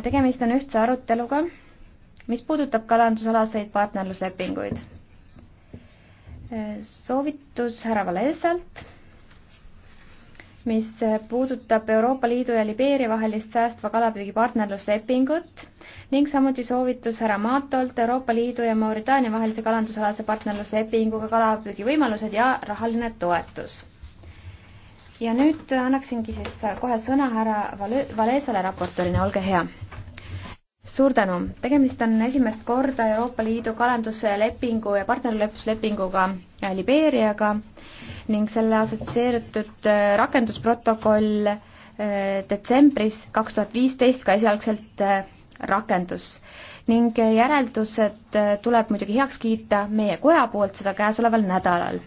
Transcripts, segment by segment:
tegemist on ühtse aruteluga, mis puudutab kalandusalaseid partnerluslepinguid. soovitus härra Valesalt, mis puudutab Euroopa Liidu ja Libeeria vahelist säästva kalapüügi partnerluslepingut ning samuti soovitus härra Maatolt Euroopa Liidu ja Mauritaania vahelise kalandusalase partnerluslepinguga kalapüügivõimalused ja rahaline toetus. ja nüüd annaksingi siis kohe sõna härra Valesale raportöörina, olge hea suur tänu. tegemist on esimest korda Euroopa Liidu kalanduslepingu ja partnerlepuslepinguga äh, Libeeriaga ning selle assotsieeritud äh, rakendusprotokoll äh, detsembris kaks tuhat viisteist ka esialgselt rakendus ning järeldused tuleb muidugi heaks kiita meie koja poolt seda käesoleval nädalal.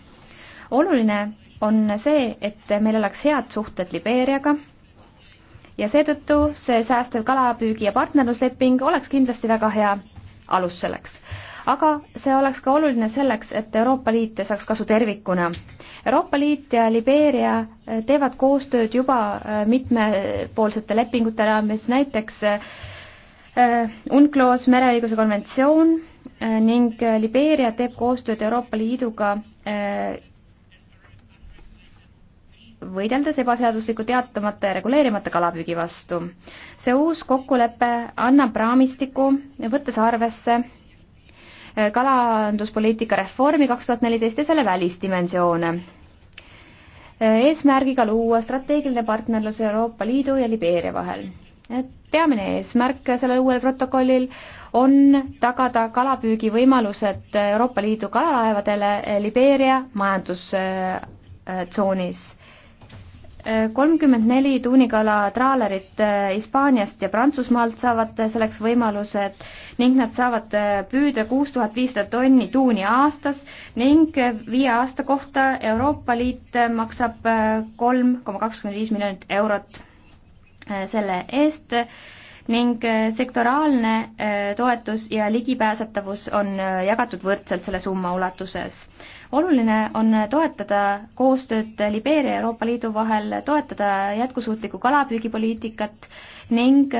oluline on see, et meil oleks head suhted Libeeriaga ja seetõttu see säästev kalapüügi ja partnerlusleping oleks kindlasti väga hea alus selleks. aga see oleks ka oluline selleks, et Euroopa Liit saaks kasu tervikuna. Euroopa Liit ja Libeeria äh, teevad koostööd juba äh, mitmepoolsete lepingute raames, näiteks äh, UNCLOS mereõiguse konventsioon ning Libeeria teeb koostööd Euroopa Liiduga võideldes ebaseadusliku teatamata ja reguleerimata kalapüügi vastu. see uus kokkulepe annab raamistiku, võttes arvesse eh, kalanduspoliitika reformi kaks tuhat neliteist ja selle välisdimensioone. Eh, eesmärgiga luua strateegiline partnerlus Euroopa Liidu ja Libeeria vahel. Eh, peamine eesmärk sellel uuel protokollil on tagada kalapüügi võimalused Euroopa Liidu kalalaevadele Libeeria majandustsoonis kolmkümmend neli tuunikala traalerit äh, Hispaaniast ja Prantsusmaalt saavad äh, selleks võimalused ning nad saavad äh, püüda kuus tuhat viissada tonni tuuni aastas ning viie aasta kohta Euroopa Liit maksab kolm koma kakskümmend viis miljonit eurot selle eest ning sektoraalne toetus ja ligipääsetavus on jagatud võrdselt selle summa ulatuses oluline on toetada koostööd Libeeria ja Euroopa Liidu vahel, toetada jätkusuutlikku kalapüügipoliitikat ning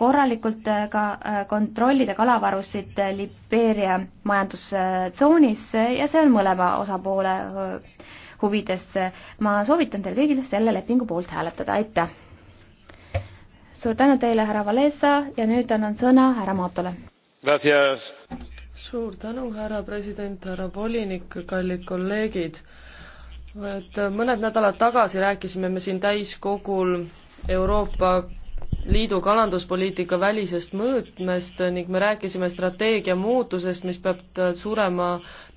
korralikult ka äh, kontrollida kalavarusid Libeeria majandustsoonis ja see on mõlema osapoole äh, huvides. ma soovitan teil kõigil selle lepingu poolt hääletada, aitäh! suur tänu teile, härra Valesa ja nüüd annan sõna härra Maatole suur tänu, härra president, härra volinik, kallid kolleegid. et mõned nädalad tagasi rääkisime me siin täiskogul Euroopa Liidu kalanduspoliitika välisest mõõtmest ning me rääkisime strateegia muutusest, mis peab suurema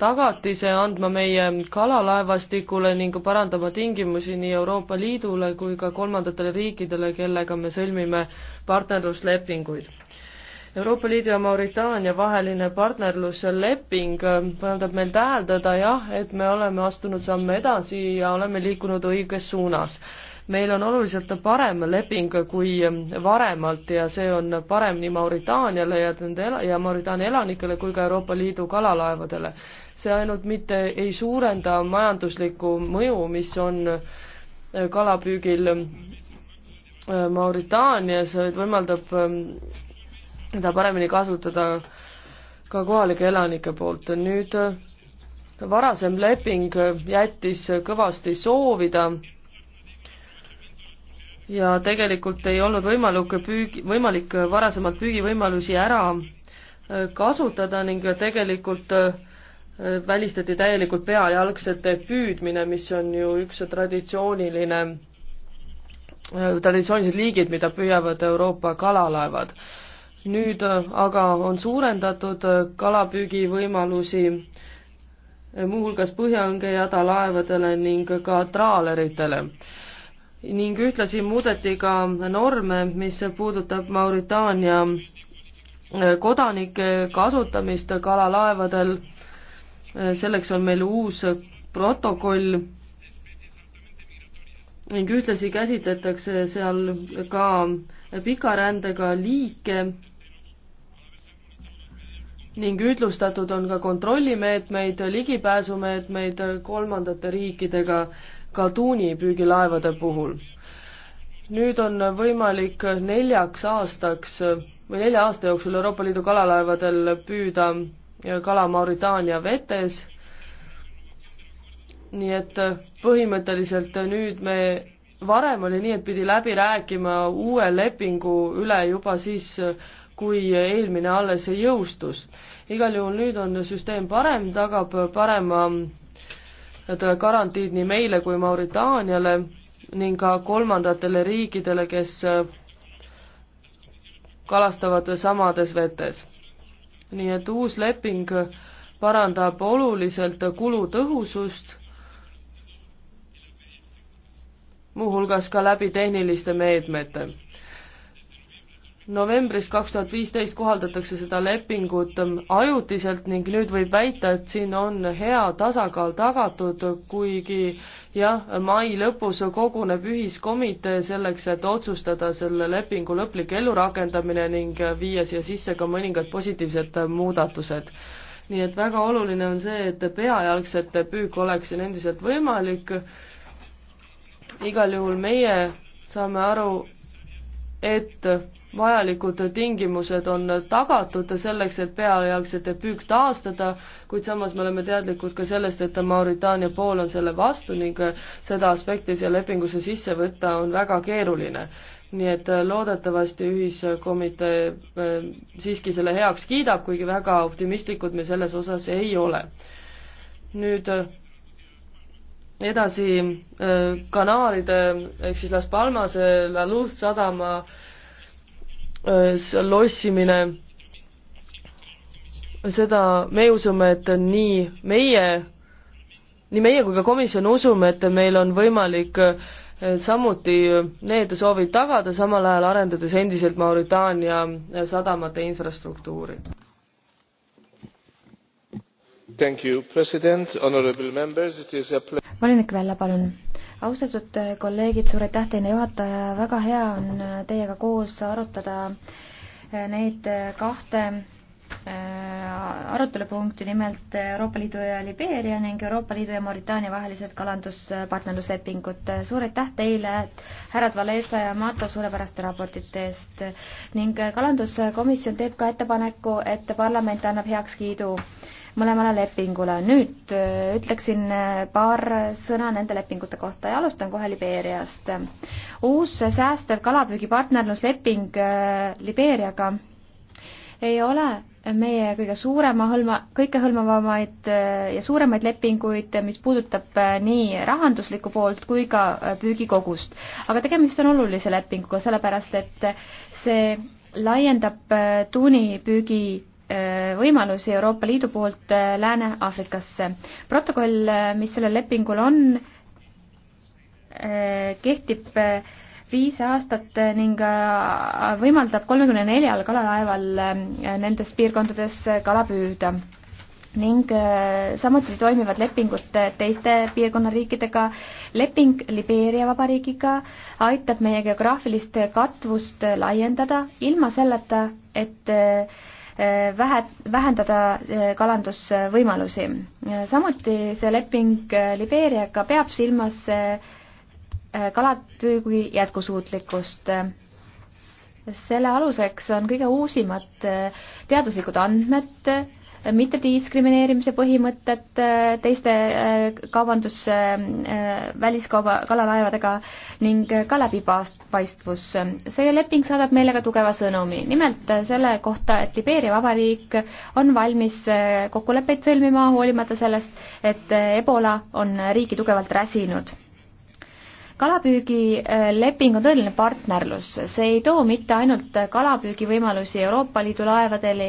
tagatise andma meie kalalaevastikule ning parandama tingimusi nii Euroopa Liidule kui ka kolmandatele riikidele, kellega me sõlmime partnerluslepinguid Euroopa Liidu ja Mauritaania vaheline partnerlusleping võimaldab äh, meil täheldada jah, et me oleme astunud samme edasi ja oleme liikunud õiges suunas. meil on oluliselt parem leping kui varemalt ja see on parem nii Mauritaaniale ja nende ela-, ja Mauritaania elanikele kui ka Euroopa Liidu kalalaevadele. see ainult mitte ei suurenda majanduslikku mõju, mis on äh, kalapüügil äh, Mauritaanias, vaid võimaldab ähm, mida paremini kasutada ka kohalike elanike poolt. nüüd varasem leping jättis kõvasti soovida ja tegelikult ei olnud võimalik püügi, võimalik varasemalt püügivõimalusi ära äh, kasutada ning tegelikult äh, välistati täielikult peajalgsete püüdmine, mis on ju üks traditsiooniline, äh, traditsioonilised liigid, mida püüavad Euroopa kalalaevad nüüd äh, aga on suurendatud äh, kalapüügivõimalusi äh, muuhulgas põhjaõnge jada laevadele ning ka traaleritele. ning ühtlasi muudeti ka norme, mis puudutab Mauritaania kodanike kasutamist kalalaevadel. selleks on meil uus protokoll ning ühtlasi käsitletakse seal ka pikarändega liike ning ühtlustatud on ka kontrollimeetmeid, ligipääsumeetmeid kolmandate riikidega ka tuunipüügilaevade puhul. nüüd on võimalik neljaks aastaks või nelja aasta jooksul Euroopa Liidu kalalaevadel püüda kala Mauritaania vetes, nii et põhimõtteliselt nüüd me varem oli nii, et pidi läbi rääkima uue lepingu üle juba siis kui eelmine alles jõustus. igal juhul nüüd on süsteem parem, tagab parema garantiid nii meile kui Mauritaaniale ning ka kolmandatele riikidele, kes kalastavad samades vetes. nii et uus leping parandab oluliselt kulutõhusust, muuhulgas ka läbi tehniliste meetmete novembris kaks tuhat viisteist kohaldatakse seda lepingut ajutiselt ning nüüd võib väita, et siin on hea tasakaal tagatud, kuigi jah, mai lõpus koguneb ühiskomitee selleks, et otsustada selle lepingu lõplik ellurakendamine ning viia siia sisse ka mõningad positiivsed muudatused. nii et väga oluline on see, et peajalgsete püük oleks siin endiselt võimalik, igal juhul meie saame aru, et vajalikud tingimused on tagatud selleks, et pealejalgsete püük taastada, kuid samas me oleme teadlikud ka sellest, et Mauritaania pool on selle vastu ning seda aspekti siia lepingusse sisse võtta on väga keeruline. nii et loodetavasti ühiskomitee äh, siiski selle heaks kiidab, kuigi väga optimistlikud me selles osas ei ole. nüüd äh, edasi äh, kanaalide ehk siis Las Palmase, La Luz sadama äh, Äh, lossimine, seda me usume, et nii meie, nii meie kui ka komisjon usume, et meil on võimalik äh, samuti need soovid tagada, samal ajal arendades endiselt Mauritaania äh, sadamate infrastruktuuri. volinik Vella, palun austatud kolleegid, suur aitäh teile, juhataja, väga hea on äh, teiega koos arutada äh, neid äh, kahte arutelupunkti, nimelt Euroopa Liidu ja Libeeria ning Euroopa Liidu ja Mauritaania vahelised kalanduspartnerluslepingud. suur aitäh teile, härrad Valesa ja Mato, suurepäraste raportite eest ning kalanduskomisjon teeb ka ettepaneku, et parlament annab heakskiidu äh, mõlemale lepingule. nüüd äh, ütleksin äh, paar sõna nende lepingute kohta ja alustan kohe Libeeriast. uus säästev kalapüügipartnerlusleping äh, Libeeriaga ei ole meie kõige suurema hõlma, kõikehõlmavamaid ja suuremaid lepinguid, mis puudutab nii rahanduslikku poolt kui ka püügikogust. aga tegemist on olulise lepinguga, sellepärast et see laiendab tuunipüügi Äh, võimalusi Euroopa Liidu poolt äh, Lääne-Aafrikasse. protokoll, äh, mis sellel lepingul on, kehtib viis aastat ning võimaldab kolmekümne neljal kalalaeval nendes piirkondades kala püüda ning samuti toimivad lepingud teiste piirkonna riikidega. leping Libeeria Vabariigiga aitab meie geograafilist katvust laiendada ilma selleta, et äh, Eh, vähe, vähendada eh, kalandusvõimalusi. samuti see leping eh, Libeeriaga peab silmas kalapüügi jätkusuutlikkust. selle aluseks on kõige uusimad teaduslikud andmed mittediskrimineerimise põhimõtet äh, teiste äh, kaubandus, äh, väliskauba, kalalaevadega ning ka läbipaistvus. see leping saadab meile ka tugeva sõnumi, nimelt selle kohta, et Libeeria Vabariik on valmis kokkuleppeid sõlmima, hoolimata sellest, et Ebola on riiki tugevalt räsinud kalapüügileping on tõeline partnerlus, see ei too mitte ainult kalapüügivõimalusi Euroopa Liidu laevadele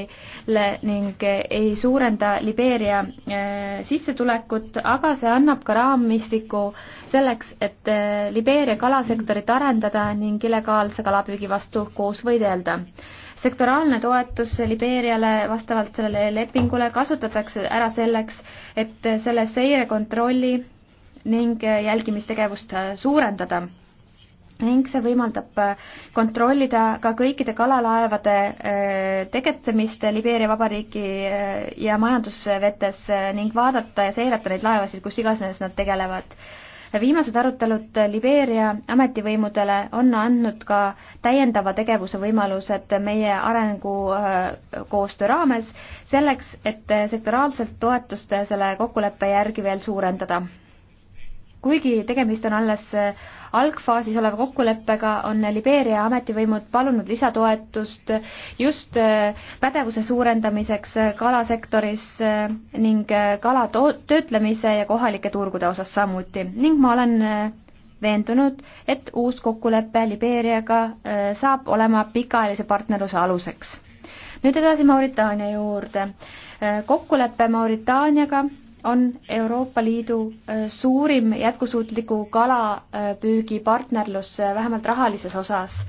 ning ei suurenda Libeeria äh, sissetulekut, aga see annab ka raamistiku selleks, et äh, Libeeria kalasektorit arendada ning illegaalse kalapüügi vastu koos võidelda sektoraalne toetus Libeeriale vastavalt sellele lepingule kasutatakse ära selleks, et selle seirekontrolli ning jälgimistegevust suurendada ning see võimaldab kontrollida ka kõikide kalalaevade äh, tegutsemist Libeeria Vabariigi äh, ja majandusvetes äh, ning vaadata ja seirata neid laevasid, kus iganes nad tegelevad. viimased arutelud Libeeria ametivõimudele on andnud ka täiendava tegevuse võimalused meie arengukoostöö raames, selleks et sektoraalselt toetust selle kokkuleppe järgi veel suurendada kuigi tegemist on alles äh, algfaasis oleva kokkuleppega, on Libeeria ametivõimud palunud lisatoetust just äh, pädevuse suurendamiseks äh, kalasektoris ning kala töötlemise ja kohalike turgude osas samuti ning ma olen veendunud, et uus kokkulepe Libeeriaga saab olema pikaajalise partnerluse aluseks. nüüd edasi Mauritaania juurde. kokkulepe Mauritaaniaga on Euroopa Liidu äh, suurim jätkusuutliku kalapüügipartnerlus, äh, äh, vähemalt rahalises osas.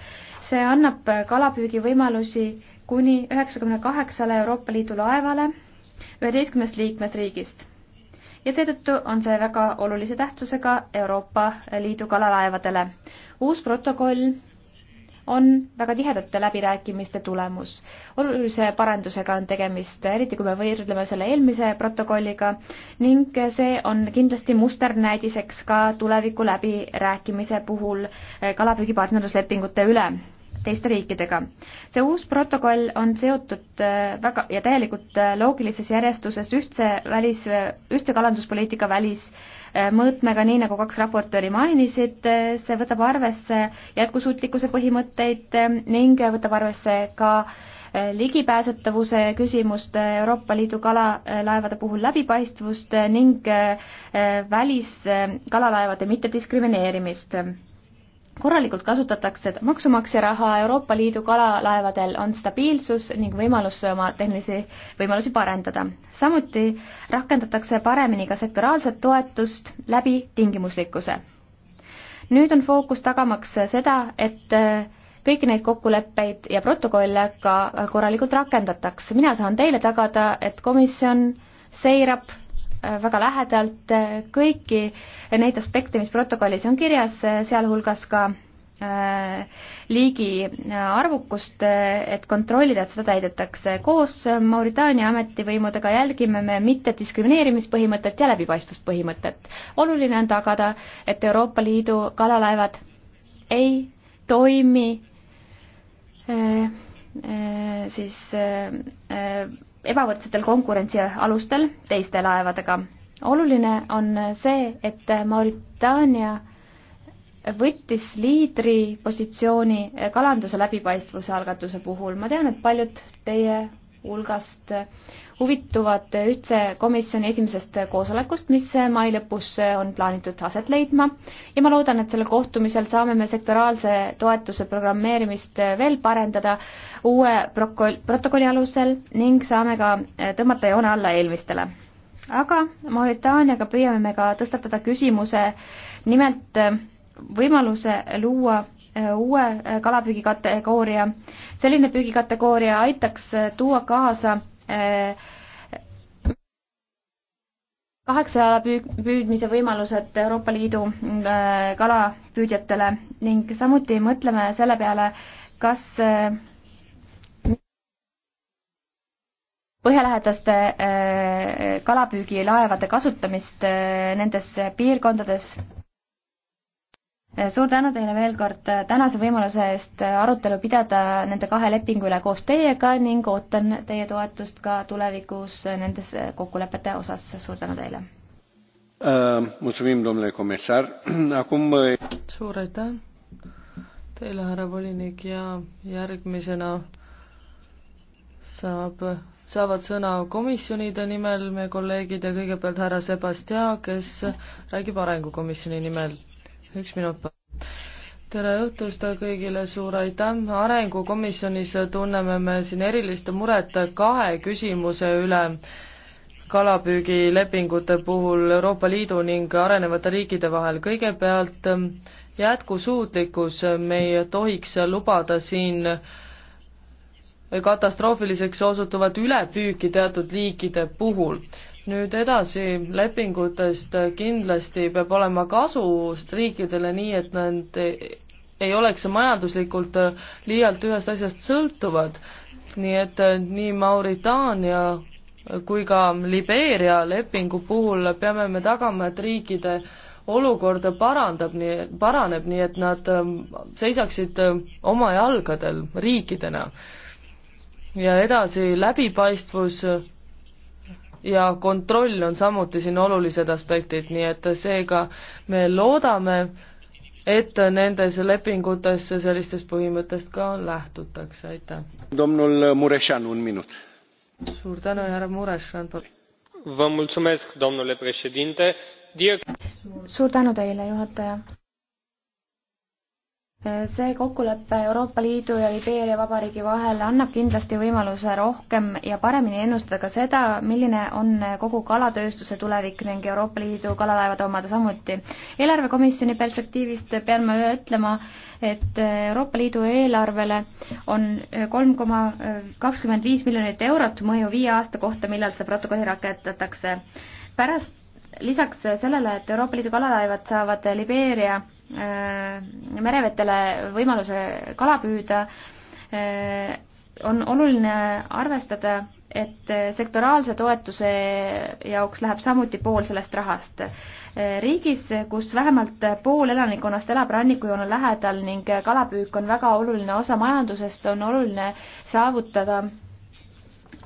see annab kalapüügivõimalusi kuni üheksakümne kaheksale Euroopa Liidu laevale üheteistkümnest liikmesriigist. ja seetõttu on see väga olulise tähtsusega Euroopa Liidu kalalaevadele. uus protokoll on väga tihedate läbirääkimiste tulemus. olulise parandusega on tegemist, eriti kui me võrdleme selle eelmise protokolliga ning see on kindlasti musternäidiseks ka tuleviku läbirääkimise puhul eh, kalapüügipartnerluslepingute üle teiste riikidega. see uus protokoll on seotud eh, väga ja täielikult eh, loogilises järjestuses ühtse välis, ühtse kalanduspoliitika välis- Äh, mõõtmega, nii nagu kaks raportööri mainisid, äh, see võtab arvesse jätkusuutlikkuse põhimõtteid äh, ning võtab arvesse ka ligipääsetavuse küsimust Euroopa Liidu kalalaevade puhul läbipaistvust ning väliskalalaevade mittediskrimineerimist korralikult kasutatakse maksumaksja raha, Euroopa Liidu kalalaevadel on stabiilsus ning võimalus oma tehnilisi võimalusi parendada. samuti rakendatakse paremini ka sektoraalset toetust läbi tingimuslikkuse. nüüd on fookus tagamaks seda, et kõiki neid kokkuleppeid ja protokolle ka korralikult rakendatakse. mina saan teile tagada, et komisjon seirab Äh, väga lähedalt äh, kõiki neid aspekte, mis protokollis on kirjas, äh, sealhulgas ka liigi arvukust, et kontrollida, et seda täidetakse. koos Mauritaania ametivõimudega jälgime me mittediskrimineerimispõhimõtet ja läbipaistvuspõhimõtet. oluline on tagada, et Euroopa Liidu kalalaevad ei toimi siis ebavõrdsetel konkurentsialustel teiste laevadega. oluline on see, et Mauritaania võttis liidripositsiooni kalanduse läbipaistvuse algatuse puhul. ma tean, et paljud teie hulgast huvituvad ühtse komisjoni esimesest koosolekust, mis mai lõpus on plaanitud aset leidma ja ma loodan, et sellel kohtumisel saame me sektoraalse toetuse programmeerimist veel parendada uue proko-, protokolli alusel ning saame ka tõmmata joone alla eelmistele. aga Mauritaaniaga püüame me ka tõstatada küsimuse nimelt võimaluse luua uue äh, kalapüügikategooria. selline püügikategooria aitaks äh, tuua kaasa äh, kaheksa jala püü-, püüdmise võimalused Euroopa Liidu kalapüüdjatele ning samuti mõtleme selle peale, kas põhjalähedaste kalapüügilaevade kasutamist nendes piirkondades Äh, suur tänu teile veel kord äh, tänase võimaluse eest äh, arutelu pidada nende kahe lepingu üle koos teiega ning ootan teie toetust ka tulevikus nendes kokkulepete osas, suur tänu teile uh,! suur aitäh teile, härra volinik, ja järgmisena saab, saavad sõna komisjonide nimel me kolleegid ja kõigepealt härra Sebastian, kes räägib Arengukomisjoni nimel üks minut. tere õhtust kõigile, suur aitäh. arengukomisjonis tunneme me siin erilist muret kahe küsimuse üle kalapüügilepingute puhul Euroopa Liidu ning arenevate riikide vahel. kõigepealt jätkusuutlikkus, me ei tohiks lubada siin katastroofiliseks osutuvat ülepüüki teatud liikide puhul nüüd edasi lepingutest kindlasti peab olema kasu riikidele, nii et nad ei oleks majanduslikult liialt ühest asjast sõltuvad. nii et nii Mauritaania kui ka Libeeria lepingu puhul peame me tagama, et riikide olukord parandab, nii, paraneb, nii et nad seisaksid oma jalgadel riikidena. ja edasi läbipaistvus ja kontroll on samuti siin olulised aspektid, nii et seega me loodame, et nendes lepingutes sellistest põhimõttest ka lähtutakse, aitäh. domnul Murešan, un minut. suur tänu, härra Murešan. Vă mulțumesc, domnule președinte. Suur tänu teile, juhataja see kokkulepe Euroopa Liidu ja Libeeria Vabariigi vahel annab kindlasti võimaluse rohkem ja paremini ennustada ka seda, milline on kogu kalatööstuse tulevik ning Euroopa Liidu kalalaevade omade samuti. eelarvekomisjoni perspektiivist pean ma ütlema, et Euroopa Liidu eelarvele on kolm koma kakskümmend viis miljonit eurot mõju viie aasta kohta, millal seda protokolli rakendatakse. pärast lisaks sellele, et Euroopa Liidu kalalaevad saavad Libeeria Äh, merevetele võimaluse kala püüda, äh, on oluline arvestada, et sektoraalse toetuse jaoks läheb samuti pool sellest rahast. Äh, riigis, kus vähemalt pool elanikkonnast elab rannikujoone lähedal ning kalapüük on väga oluline osa majandusest, on oluline saavutada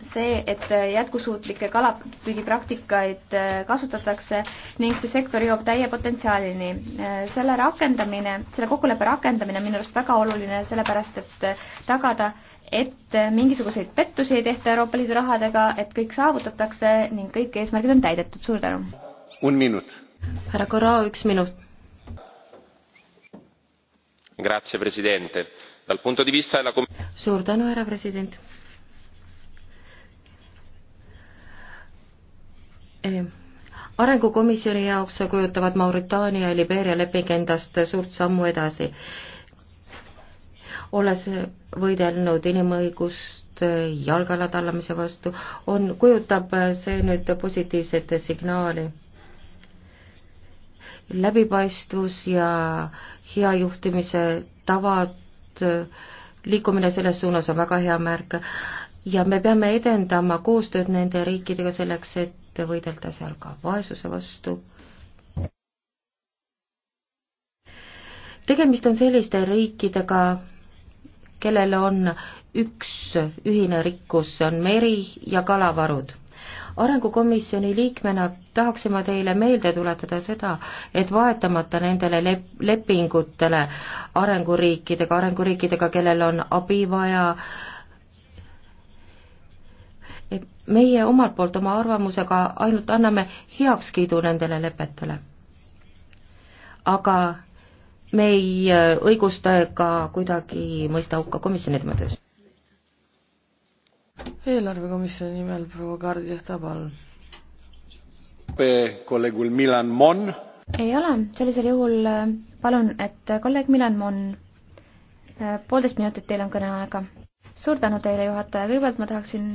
see, et jätkusuutlikke kalapüügipraktikaid äh, kasutatakse ning see sektor jõuab täie potentsiaalini. Äh, selle rakendamine, selle kokkuleppe rakendamine on minu arust väga oluline, sellepärast et äh, tagada, et mingisuguseid pettusi ei tehta Euroopa Liidu rahadega, et kõik saavutatakse ning kõik eesmärgid on täidetud, suur tänu! härra Corrao, üks minut. suur tänu, härra president! arengukomisjoni jaoks kujutavad Mauritaania ja Libeeria leping endast suurt sammu edasi. olles võidelnud inimõigust jalgala tallamise vastu, on, kujutab see nüüd positiivset signaali. läbipaistvus ja hea juhtimise tavad, liikumine selles suunas on väga hea märk ja me peame edendama koostööd nende riikidega selleks, et et võidelda seal ka vaesuse vastu. tegemist on selliste riikidega, kellel on üks ühine rikkus, see on meri ja kalavarud. arengukomisjoni liikmena tahaksin ma teile meelde tuletada seda, et vahetamata nendele lep-, lepingutele arenguriikidega, arenguriikidega, kellel on abi vaja, meie omalt poolt oma arvamusega ainult anname heakskiidu nendele lepetele. aga me ei äh, õigusta ega kuidagi mõista hukka komisjoni tema töös. eelarvekomisjoni nimel proua Gardias Tabal. kolleegul Milan Mon. ei ole, sellisel juhul äh, palun, et äh, kolleeg Milan Mon, poolteist minutit teil on kõneaega. suur tänu teile, juhataja, kõigepealt ma tahaksin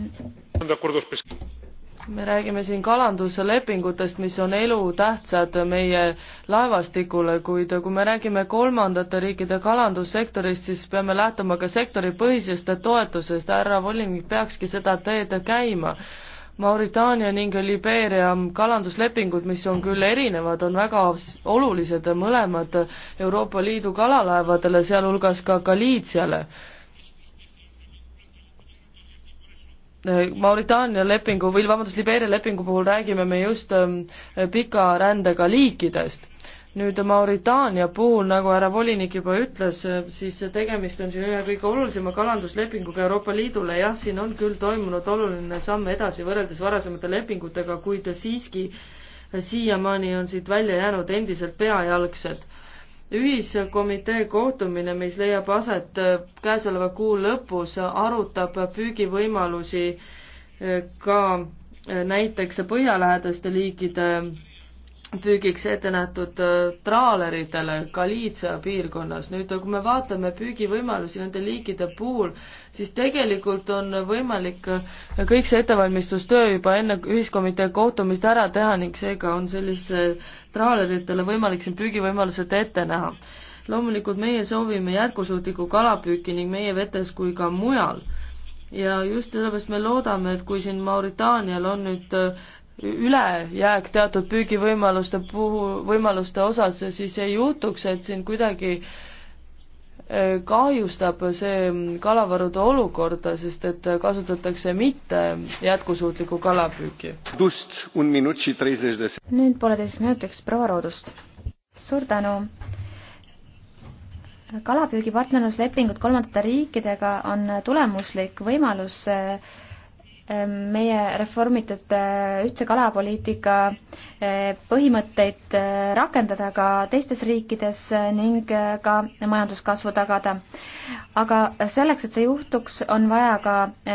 me räägime siin kalanduslepingutest, mis on elutähtsad meie laevastikule, kuid kui me räägime kolmandate riikide kalandussektorist, siis peame lähtuma ka sektoripõhisest toetusest, härra volinik peakski seda teed käima. Mauritaania ning Libeeria kalanduslepingud, mis on küll erinevad, on väga olulised mõlemad Euroopa Liidu kalalaevadele, sealhulgas ka Galiitsiale ka Äh, Mauritaania lepingu või vabandust, Libeeria lepingu puhul räägime me just ähm, pika rändega liikidest. nüüd Mauritaania puhul, nagu härra volinik juba ütles, äh, siis tegemist on siin ühe kõige olulisema kalanduslepinguga Euroopa Liidule, jah, siin on küll toimunud oluline samm edasi võrreldes varasemate lepingutega, kuid siiski äh, siiamaani on siit välja jäänud endiselt peajalgsed ühiskomitee kohtumine, mis leiab aset äh, käesoleva kuu lõpus, arutab püügivõimalusi äh, ka äh, näiteks põhjalähedaste liikide püügiks ette nähtud äh, traaleritele Galiitsa piirkonnas. nüüd kui me vaatame püügivõimalusi nende liikide puhul, siis tegelikult on võimalik äh, kõik see ettevalmistustöö juba enne ühiskomitee kohtumist ära teha ning seega on sellise traaleritele võimalik siin püügivõimalused ette näha. loomulikult meie soovime jätkusuutlikku kalapüüki nii meie vetes kui ka mujal ja just sellepärast me loodame, et kui siin Mauritaanial on nüüd äh, ülejääk teatud püügivõimaluste puhul, võimaluste osas, siis ei juhtuks, et siin kuidagi e, kahjustab see kalavarude olukorda, sest et kasutatakse mitte jätkusuutlikku kalapüüki. nüüd pooleteiseks minutiks proua Roodust. suur tänu kalapüügipartnerluslepingud kolmandate riikidega on tulemuslik võimalus e, Ehm, meie reformitud eh, ühtse kalapoliitika eh, põhimõtteid eh, rakendada ka teistes riikides ning ka majanduskasvu tagada. aga selleks, et see juhtuks, on vaja ka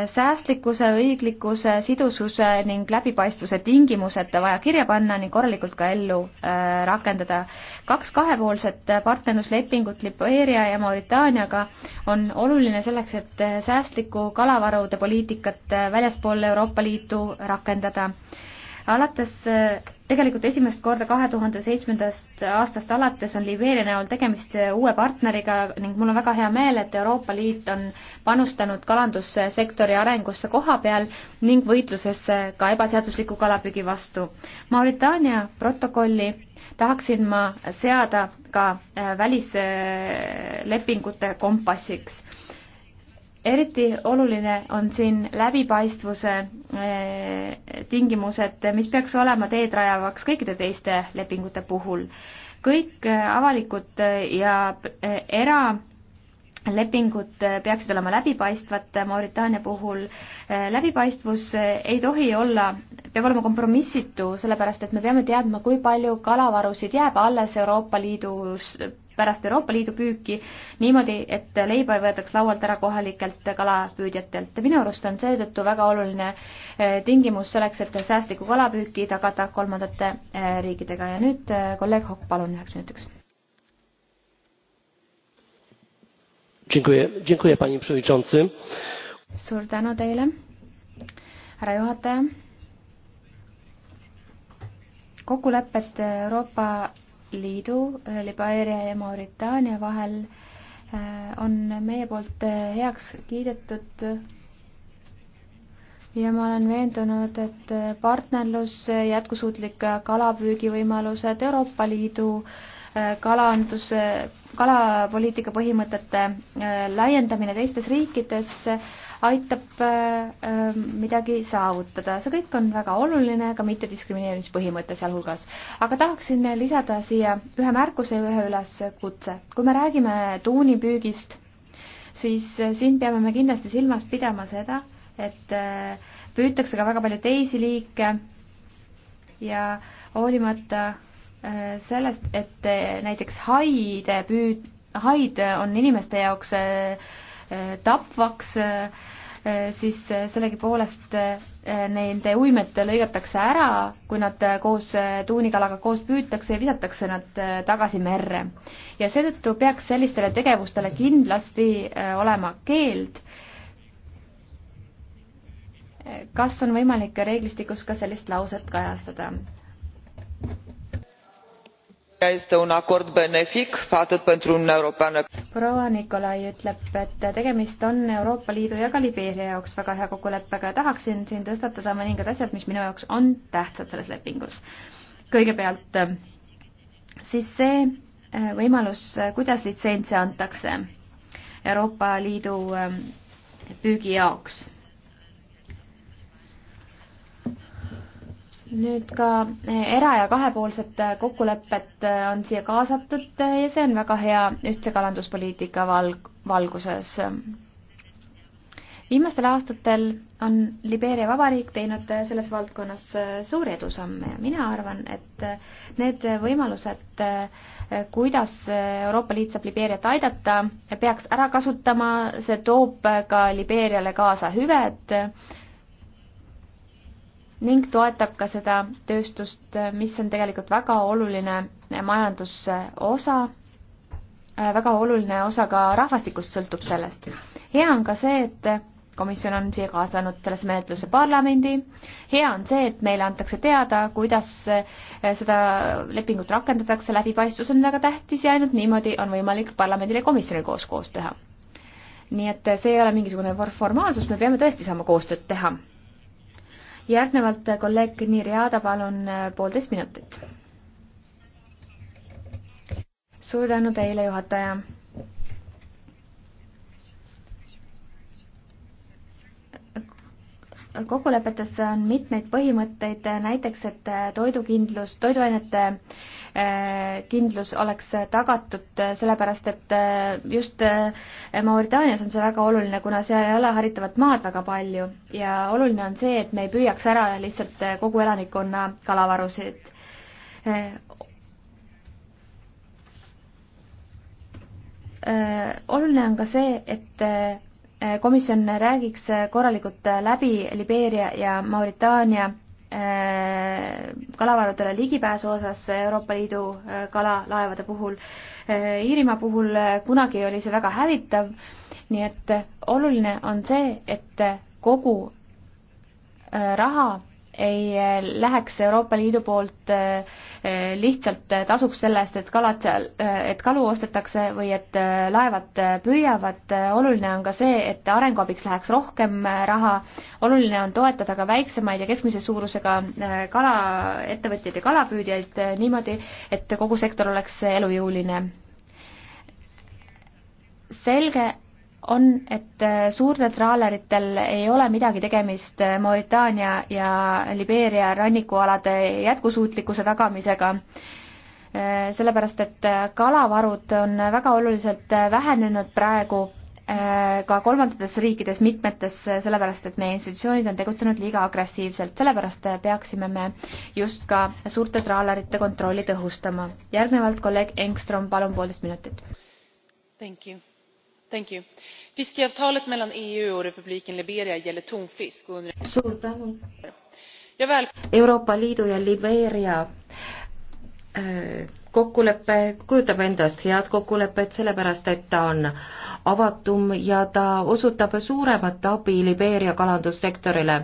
säästlikkuse, õiglikkuse, sidususe ning läbipaistvuse tingimused vaja kirja panna ning korralikult ka ellu rakendada. kaks kahepoolset partnerluslepingut Libeeria ja Mauritaaniaga on oluline selleks, et säästlikku kalavarude poliitikat väljas väljaspool Euroopa Liitu rakendada. alates tegelikult esimest korda kahe tuhande seitsmendast aastast alates on Libeeria näol tegemist uue partneriga ning mul on väga hea meel, et Euroopa Liit on panustanud kalandussektori arengusse koha peal ning võitlusesse ka ebaseadusliku kalapüügi vastu. Mauritaania protokolli tahaksin ma seada ka välislepingute kompassiks eriti oluline on siin läbipaistvuse eh, tingimused, mis peaks olema teed rajavaks kõikide teiste lepingute puhul. kõik eh, avalikud eh, ja eralepingud peaksid olema läbipaistvad Mauritaania puhul. läbipaistvus ei tohi olla, peab olema kompromissitu, sellepärast et me peame teadma, kui palju kalavarusid jääb alles Euroopa Liidus pärast Euroopa Liidu püüki niimoodi, et leiba ei võetaks laualt ära kohalikelt kalapüüdjatelt. minu arust on seetõttu väga oluline eh, tingimus selleks, et säästlikku kalapüüki tagada kolmandate eh, riikidega ja nüüd eh, kolleeg Hokk, palun üheks minutiks. suur tänu teile, härra juhataja kokkulepped Euroopa Liidu, Libaeria ja Mauritaania vahel äh, on meie poolt äh, heaks kiidetud ja ma olen veendunud, et äh, partnerlus, jätkusuutlik kalapüügivõimalused, Euroopa Liidu kalandus, kalapoliitika põhimõtete laiendamine teistes riikides aitab äh, äh, midagi saavutada. see kõik on väga oluline, ka mittediskrimineerimispõhimõte sealhulgas. aga tahaksin lisada siia ühe märkuse ja ühe üleskutse. kui me räägime tuunipüügist, siis äh, siin peame me kindlasti silmas pidama seda, et püütakse ka väga palju teisi liike ja hoolimata sellest, et näiteks haide püüd, haid on inimeste jaoks tapvaks, eh, siis sellegipoolest eh, nende uimed lõigatakse ära, kui nad eh, koos tuunikalaga koos püütakse ja visatakse nad tagasi merre. ja seetõttu peaks sellistele tegevustele kindlasti olema keeld kas on võimalik reeglistikus ka sellist lauset kajastada? este un acord benefic atât pentru Uniunea Europeană. proua Nikolai ütleb, et tegemist on Euroopa Liidu ja ka Libeeria jaoks väga hea kokkuleppega ja tahaksin siin tõstatada mõningad asjad, mis minu jaoks on tähtsad selles lepingus. kõigepealt siis see eh, võimalus, kuidas litsentse antakse Euroopa Liidu eh, püügi jaoks nüüd ka eh, era- ja kahepoolsed eh, kokkulepped eh, on siia kaasatud ja see on väga hea ühtse kalanduspoliitika valg-, valguses. viimastel aastatel on Libeeria Vabariik teinud selles valdkonnas suuri edusamme ja mina arvan, et need võimalused, kuidas Euroopa Liit saab Libeeriat aidata, peaks ära kasutama, see toob ka Libeeriale kaasa hüved, ning toetab ka seda tööstust, mis on tegelikult väga oluline majanduse osa, väga oluline osa ka rahvastikust sõltub sellest. hea on ka see, et komisjon on siia kaasanud sellesse menetlusse parlamendi. hea on see, et meile antakse teada, kuidas seda lepingut rakendatakse, läbipaistvus on väga tähtis ja ainult niimoodi on võimalik parlamendile ja komisjoni koos koos teha. nii et see ei ole mingisugune formaalsus, me peame tõesti saama koostööd teha järgnevalt äh, kolleeg Niriada, palun äh, poolteist minutit. suur tänu teile, juhataja. kokkulepetes on mitmeid põhimõtteid, näiteks et äh, toidukindlus, toiduainete äh, kindlus oleks tagatud, sellepärast et äh, just äh, Mauritaanias on see väga oluline, kuna seal ei ole haritavat maad väga palju ja oluline on see, et me ei püüaks ära lihtsalt äh, kogu elanikkonna kalavarusid. oluline on ka see, et komisjon räägiks korralikult läbi Libeeria ja Mauritaania Äh, kalavarudele ligipääsu osas Euroopa Liidu äh, kalalaevade puhul. Äh, Iirimaa puhul kunagi oli see väga hävitav, nii et oluline on see, et kogu raha ei eh, läheks Euroopa Liidu poolt eh, eh, lihtsalt tasuks selle eest, et kalad seal, et kalu ostetakse või et laevad püüavad, oluline on ka see, et arenguabiks läheks rohkem raha, oluline on toetada ka väiksemaid ja keskmise suurusega kalaettevõtjaid ja kalapüüdjaid niimoodi, et kogu sektor oleks elujõuline. selge on, et äh, suurtel traaleritel ei ole midagi tegemist äh, Mauritaania ja Libeeria rannikualade jätkusuutlikkuse tagamisega, äh, sellepärast et kalavarud on väga oluliselt vähenenud praegu ka kolmandates riikides mitmetes, sellepärast et meie institutsioonid on tegutsenud liiga agressiivselt, sellepärast peaksime me just ka suurte traalerite kontrolli tõhustama. järgnevalt kolleeg Engström, palun poolteist minutit. Thank you herr talman! fiskeavtalet mellan eu och republiken liberia gäller tonfisk under en övergångsperiod på fyra år. euroopa liidu ja liberia äh, kokkulepe kujutab endast head kokkulepet, sellepärast et ta on avatum ja ta osutab suuremat abi Liberia kalandussektorile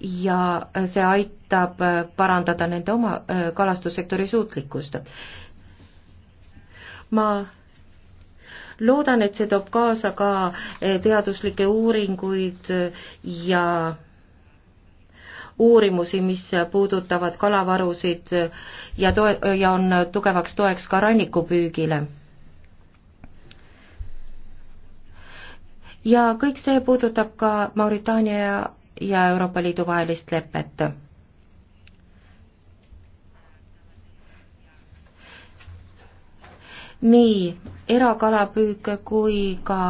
ja see aitab parandada nende oma äh, kalastussektori suutlikkust. ma loodan, et see toob kaasa ka eh, teaduslikke uuringuid eh, ja uurimusi, mis puudutavad kalavarusid eh, ja toe-, ja on tugevaks toeks ka rannikupüügile. ja kõik see puudutab ka Mauritaania ja Euroopa Liidu vahelist lepet nii erakalapüük kui ka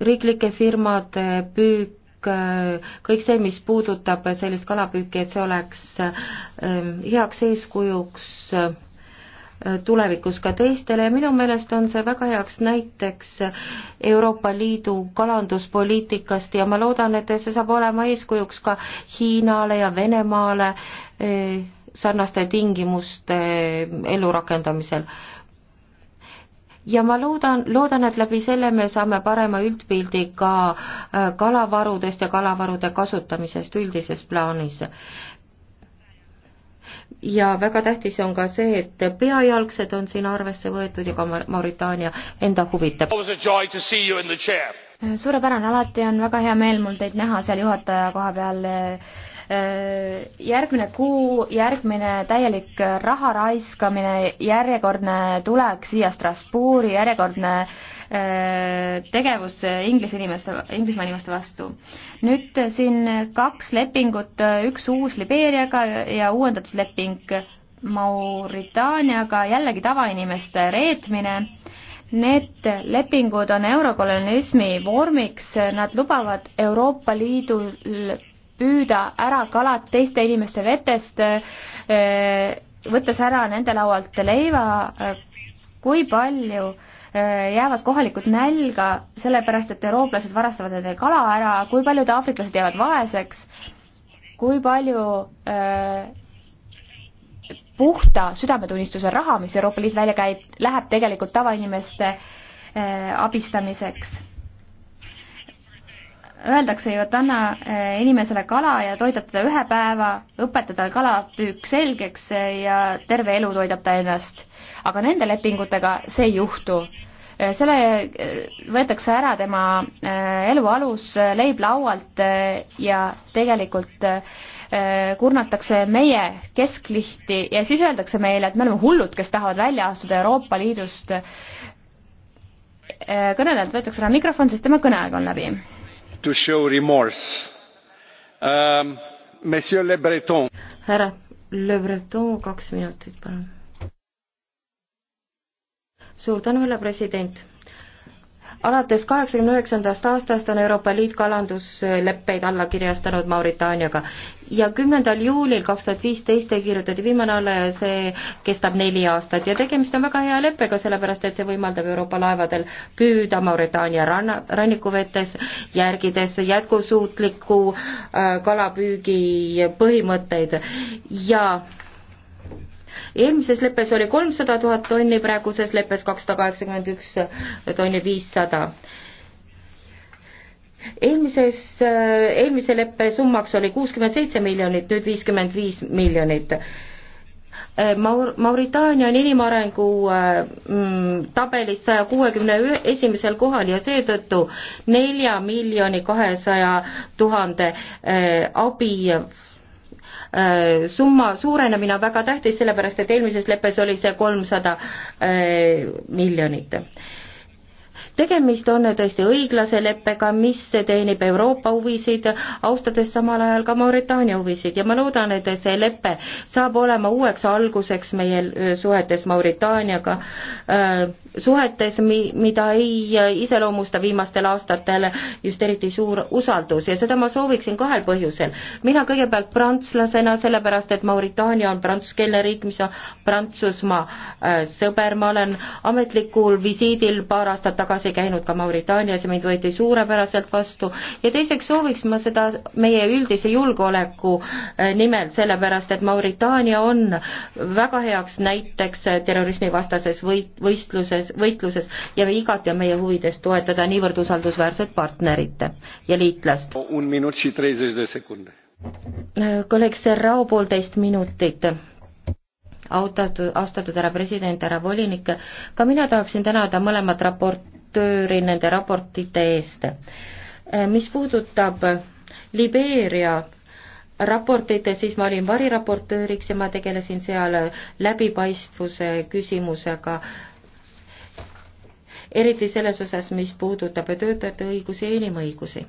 riiklike firmade püük, kõik see, mis puudutab sellist kalapüüki, et see oleks ähm, heaks eeskujuks äh, tulevikus ka teistele ja minu meelest on see väga heaks näiteks Euroopa Liidu kalanduspoliitikast ja ma loodan, et see saab olema eeskujuks ka Hiinale ja Venemaale äh, sarnaste tingimuste ellurakendamisel. ja ma loodan, loodan, et läbi selle me saame parema üldpildi ka äh, kalavarudest ja kalavarude kasutamisest üldises plaanis ja väga tähtis on ka see, et peajalgsed on siin arvesse võetud ja ka Mauritaania enda huvitab. suurepärane, alati on väga hea meel mul teid näha seal juhataja koha peal järgmine kuu, järgmine täielik raha raiskamine, järjekordne tulek siia Strasbourgi, järjekordne äh, tegevus Inglise inimeste, Inglismaa inimeste vastu. nüüd siin kaks lepingut, üks uus Libeeriaga ja uuendatud leping Mauritaaniaga, jällegi tavainimeste reetmine Need lepingud on eurokolonialismi vormiks, nad lubavad Euroopa Liidul püüda ära kalad teiste inimeste vetest, äh, võttes ära nende laualt leiva, äh, kui palju äh, jäävad kohalikud nälga, sellepärast et eurooplased varastavad nende kala ära, kui paljud aafriklased jäävad vaeseks, kui palju äh, puhta südametunnistuse raha, mis Euroopa Liit välja käib, läheb tegelikult tavainimeste äh, abistamiseks Öeldakse ju, et anna eh, inimesele kala ja toidab teda ühe päeva, õpeta tal kalapüük selgeks eh, ja terve elu toidab ta ennast. aga nende lepingutega see ei juhtu eh, selle võetakse ära tema elu alus, leib laualt ja tegelikult kurnatakse meie kesklihti ja siis öeldakse meile, et me oleme hullud, kes tahavad välja astuda Euroopa Liidust. kõnelejalt võetakse ära mikrofon, sest tema kõneaeg on läbi to show remorse um,. Monsieur Le Breton. härra Le Breton, kaks minutit, palun. suur tänu, härra president alates kaheksakümne üheksandast aastast on Euroopa Liit kalandusleppeid alla kirjastanud Mauritaaniaga ja kümnendal juulil kaks tuhat viisteist kirjutati viimane alla ja see kestab neli aastat ja tegemist on väga hea leppega, sellepärast et see võimaldab Euroopa laevadel püüda Mauritaania ranna, rannikuvetes, järgides jätkusuutliku äh, kalapüügi põhimõtteid ja eelmises leppes oli kolmsada tuhat tonni, praeguses leppes kakssada kaheksakümmend üks tonni viissada eelmises, eelmise leppe summaks oli kuuskümmend seitse miljonit, nüüd viiskümmend viis miljonit. Maur-, Mauritaania on inimarengu mm, tabelis saja kuuekümne esimesel kohal ja seetõttu nelja miljoni kahesaja tuhande eh, abi Äh, summa suurenemine on väga tähtis, sellepärast et eelmises leppes oli see kolmsada äh, miljonit tegemist on tõesti õiglase leppega, mis teenib Euroopa huvisid, austades samal ajal ka Mauritaania huvisid ja ma loodan, et see lepe saab olema uueks alguseks meie äh, suhetes Mauritaaniaga, äh, suhetes, mi-, mida ei äh, iseloomusta viimastel aastatel just eriti suur usaldus ja seda ma sooviksin kahel põhjusel. mina kõigepealt prantslasena, sellepärast et Mauritaania on prantsuskeelne riik, mis on Prantsusmaa sõber, ma olen ametlikul visiidil paar aastat tagasi tagasi käinud ka Mauritaanias ja mind võeti suurepäraselt vastu ja teiseks sooviks ma seda meie üldise julgeoleku äh, nimel, sellepärast et Mauritaania on väga heaks näiteks äh, terrorismivastases võit-, võistluses, võitluses ja me igati on meie huvides toetada niivõrd usaldusväärset partnerit ja liitlast. Äh, kolleeg Serrao poolteist minutit austatud, austatud härra president, härra volinik, ka mina tahaksin tänada mõlemat raport, raportööri nende raportite eest. Äh, mis puudutab Libeeria raportit, siis ma olin variraportööriks ja ma tegelesin seal läbipaistvuse küsimusega, eriti selles osas, mis puudutab töötajate õigusi ja inimõigusi.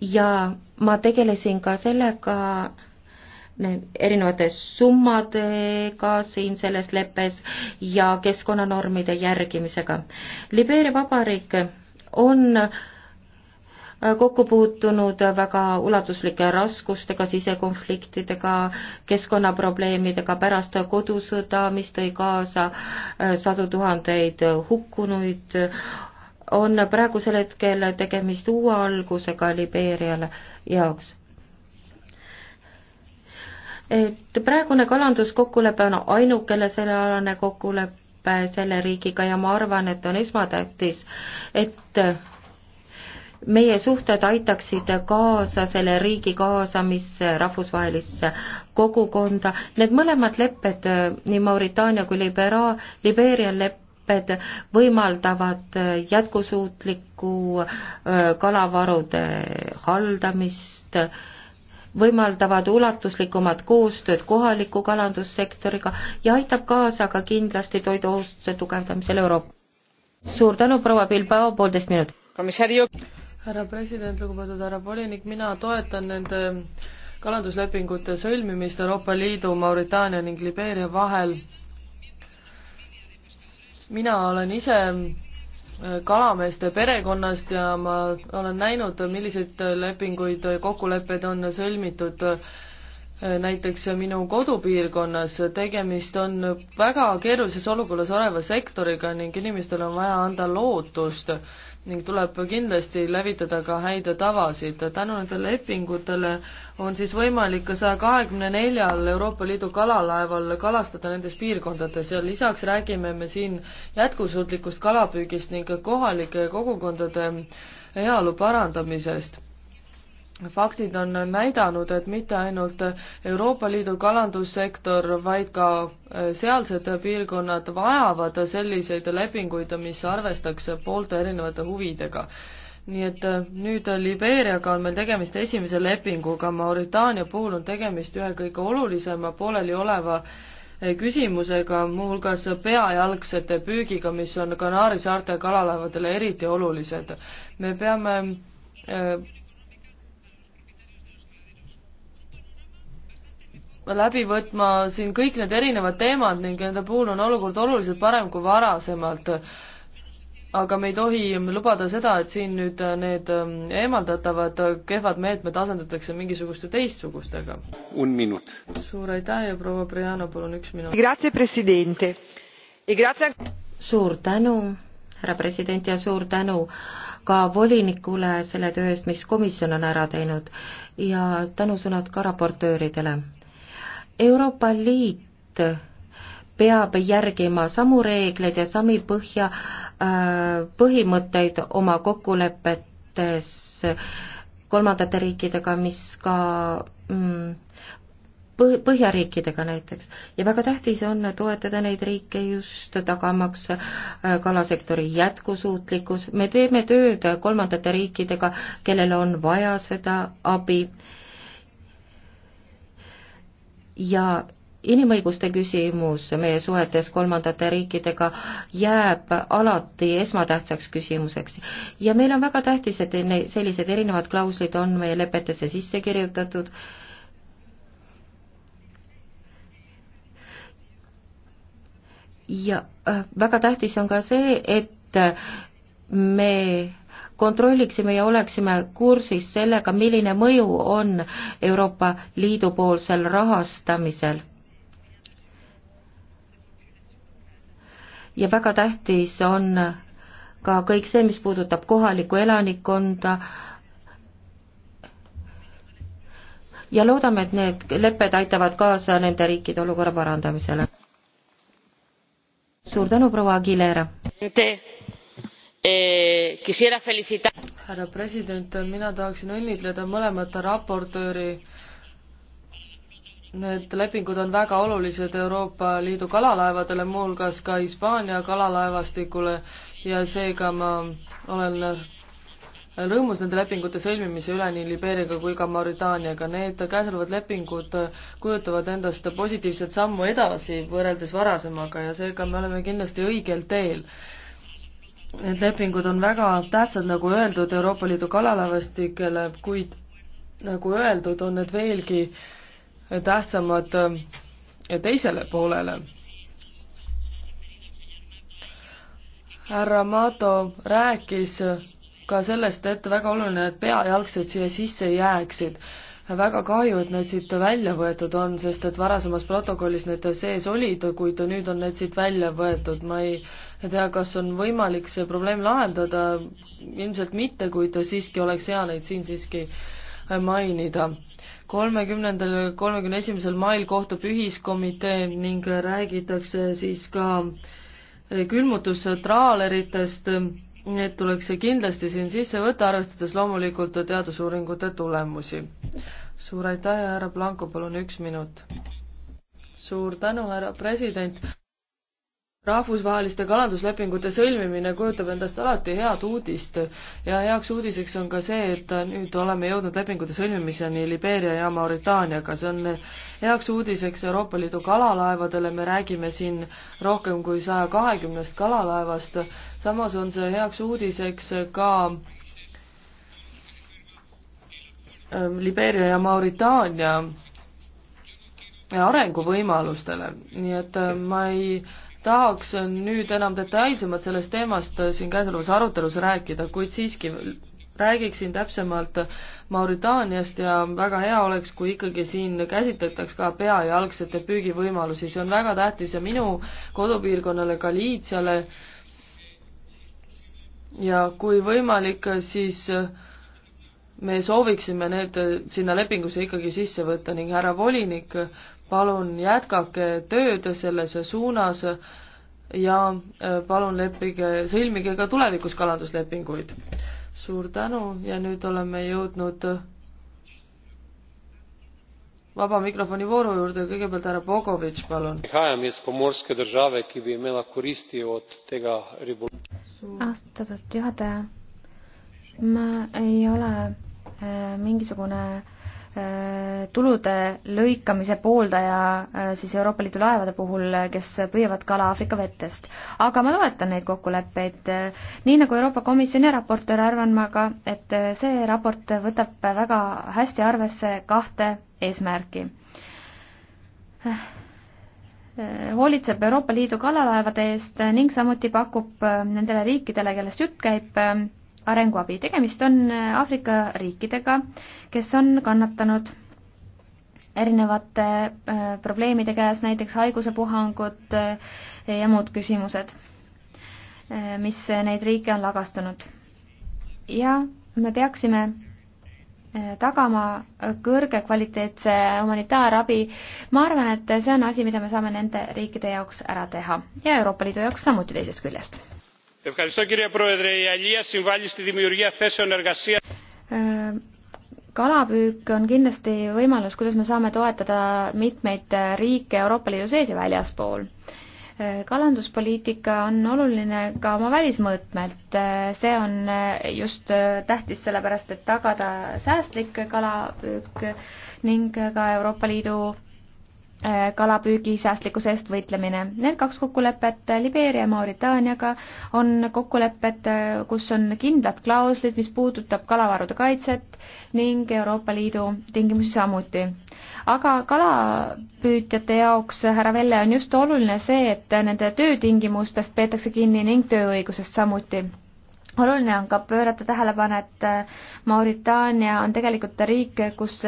ja ma tegelesin ka sellega, erinevate summadega siin selles leppes ja keskkonnanormide järgimisega. Libeeria Vabariik on äh, kokku puutunud väga ulatuslike raskustega, sisekonfliktidega, keskkonnaprobleemidega pärast kodusõda, mis tõi kaasa äh, sadu tuhandeid hukkunuid, on praegusel hetkel tegemist uue algusega Libeeriale jaoks et praegune kalanduskokkulepe on ainukene sellealane kokkulepe selle riigiga ja ma arvan, et on esmatähtis, et meie suhted aitaksid kaasa selle riigi kaasamisse rahvusvahelisse kogukonda. Need mõlemad lepped, nii Mauritaania kui Libera-, Liberia lepped võimaldavad jätkusuutlikku äh, kalavarude haldamist äh, võimaldavad ulatuslikumat koostööd kohaliku kalandussektoriga ja aitab kaasa ka kindlasti toiduohutuse tugevdamisel Euroopas. suur tänu, proua Bilbao, poolteist minutit. härra president, lugupeetud härra volinik, mina toetan nende kalanduslepingute sõlmimist Euroopa Liidu, Mauritaania ning Libeeria vahel. mina olen ise kalameeste perekonnast ja ma olen näinud, milliseid lepinguid, kokkulepped on sõlmitud äh, näiteks minu kodupiirkonnas, tegemist on väga keerulises olukorras oleva sektoriga ning inimestel on vaja anda lootust ning tuleb kindlasti levitada ka häid tavasid. tänu nendele lepingutele on siis võimalik ka saja kahekümne neljal Euroopa Liidu kalalaeval kalastada nendes piirkondades ja lisaks räägime me siin jätkusuutlikust kalapüügist ning kohalike kogukondade heaolu parandamisest faktid on näidanud, et mitte ainult Euroopa Liidu kalandussektor, vaid ka äh, sealsed piirkonnad vajavad selliseid lepinguid, mis arvestaks poolte erinevate huvidega nii et äh, nüüd Libeeriaga on meil tegemist esimese lepinguga, Mauritaania puhul on tegemist ühe kõige olulisema poolelioleva äh, küsimusega, muuhulgas peajalgsete püügiga, mis on Kanaari saarte kalalaevadele eriti olulised. me peame läbi võtma siin kõik need erinevad teemad ning nende puhul on olukord oluliselt parem kui varasemalt. aga me ei tohi lubada seda, et siin nüüd need ähm, eemaldatavad kehvad meetmed asendatakse mingisuguste teistsugustega. suur aitäh ja proua Briano, palun üks minut. E suur tänu, härra president ja suur tänu ka volinikule selle töö eest, mis komisjon on ära teinud ja tänusõnad ka raportööridele Euroopa Liit peab järgima samu reegleid ja sami põhja, äh, põhimõtteid oma kokkulepetes kolmandate riikidega, mis ka mm, põhjariikidega näiteks. ja väga tähtis on toetada neid riike just tagamaks äh, kalasektori jätkusuutlikkus, me teeme tööd kolmandate riikidega, kellel on vaja seda abi ja inimõiguste küsimus meie suhetes kolmandate riikidega jääb alati esmatähtsaks küsimuseks ja meil on väga tähtis, et sellised erinevad klauslid on meie lepetesse sisse kirjutatud ja äh, väga tähtis on ka see, et me kontrolliksime ja oleksime kursis sellega, milline mõju on Euroopa Liidu poolsel rahastamisel. ja väga tähtis on ka kõik see, mis puudutab kohalikku elanikkonda, ja loodame, et need lepped aitavad kaasa nende riikide olukorra parandamisele. suur tänu, proua Aguilera! Eh, härra president, mina tahaksin õnnitleda mõlemat raportööri. Need lepingud on väga olulised Euroopa Liidu kalalaevadele, muuhulgas ka Hispaania kalalaevastikule ja seega ma olen rõõmus nende lepingute sõlmimise üle nii Libeeriaga kui ka Mauritaaniaga. Need käesolevad lepingud kujutavad endast positiivset sammu edasi võrreldes varasemaga ja seega me oleme kindlasti õigel teel. Need lepingud on väga tähtsad, nagu öeldud, Euroopa Liidu kalalaevastikele, kuid nagu öeldud, on need veelgi tähtsamad teisele poolele. härra Mato rääkis ka sellest, et väga oluline, et peajalgsed siia sisse jääksid väga kahju, et need siit välja võetud on, sest et varasemas protokollis need sees olid, kuid nüüd on need siit välja võetud. ma ei tea, kas on võimalik see probleem lahendada, ilmselt mitte, kuid siiski oleks hea neid siin siiski mainida. kolmekümnendal, kolmekümne esimesel mail kohtub ühiskomitee ning räägitakse siis ka külmutustraaleritest nii et tuleks see kindlasti siin sisse võtta, arvestades loomulikult teadusuuringute tulemusi. suur aitäh ja härra Blanco, palun üks minut. suur tänu, härra president rahvusvaheliste kalanduslepingute sõlmimine kujutab endast alati head uudist ja heaks uudiseks on ka see, et nüüd oleme jõudnud lepingute sõlmimiseni Libeeria ja Mauritaaniaga, see on heaks uudiseks Euroopa Liidu kalalaevadele, me räägime siin rohkem kui saja kahekümnest kalalaevast, samas on see heaks uudiseks ka ähm, Libeeria ja Mauritaania arenguvõimalustele, nii et äh, ma ei äh, tahaks nüüd enam detailsemalt sellest teemast siin käesolevas arutelus rääkida, kuid siiski räägiksin täpsemalt Mauritaaniast ja väga hea oleks, kui ikkagi siin käsitletaks ka pea- ja algsete püügivõimalusi, see on väga tähtis ja minu kodupiirkonnale Galiitsiale ja kui võimalik, siis me sooviksime need sinna lepingusse ikkagi sisse võtta ning härra volinik, palun jätkake tööd selles suunas ja äh, palun leppige, sõlmige ka tulevikus kalanduslepinguid. suur tänu ja nüüd oleme jõudnud vaba mikrofoni vooru juurde, kõigepealt härra Bogovitš, palun. austatud juhataja, ma ei ole äh, mingisugune äh, Äh, tulude lõikamise pooldaja äh, siis Euroopa Liidu laevade puhul, äh, kes püüavad kala Aafrika vetest. aga ma toetan neid kokkuleppeid, nii nagu Euroopa Komisjoni raportöör, arvan ma ka, et see raport võtab väga hästi arvesse kahte eesmärki. hoolitseb Euroopa Liidu kalalaevade eest ning samuti pakub nendele riikidele, kellest jutt käib, arenguabi. tegemist on äh, Aafrika riikidega, kes on kannatanud erinevate äh, probleemide käes, näiteks haigusepuhangud äh, ja muud küsimused, mis neid riike on lagastanud. ja me peaksime tagama kõrge kvaliteetse humanitaarabi. ma arvan, et see on asi, mida me saame nende riikide jaoks ära teha ja Euroopa Liidu jaoks samuti teisest küljest kalapüük on kindlasti võimalus, kuidas me saame toetada mitmeid riike Euroopa Liidu sees ja väljaspool äh, kalanduspoliitika on oluline ka oma välismõõtmelt. Äh, see on äh, just tähtis sellepärast, et tagada säästlik kalapüük ning ka Euroopa Liidu Äh, kalapüügi säästlikkuse eest võitlemine. Need kaks kokkulepet äh, Libeeria ja Mauritaaniaga on kokkulepped, äh, kus on kindlad klauslid, mis puudutab kalavarude kaitset ning Euroopa Liidu tingimusi samuti. aga kalapüütjate jaoks, härra Velle, on just oluline see, et nende töötingimustest peetakse kinni ning tööõigusest samuti oluline on ka pöörata tähelepanu, et Mauritaania on tegelikult riik, kus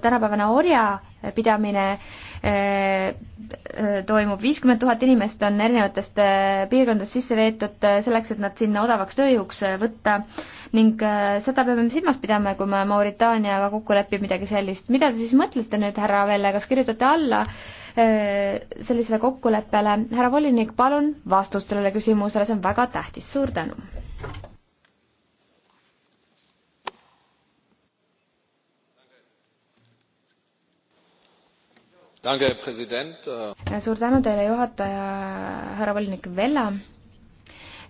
tänapäevane orja pidamine eh, eh, toimub, viiskümmend tuhat inimest on erinevatest eh, piirkondadest sisse veetud selleks, et nad sinna odavaks tööjõuks võtta ning seda peame me silmas pidama, kui me Mauritaaniaga kokku lepime midagi sellist. mida te siis mõtlete nüüd, härra Velle, kas kirjutate alla sellisele kokkuleppele? härra volinik, palun vastust sellele küsimusele, see on väga tähtis, suur tänu! Äh, suur tänu teile, juhataja, härra volinik Vella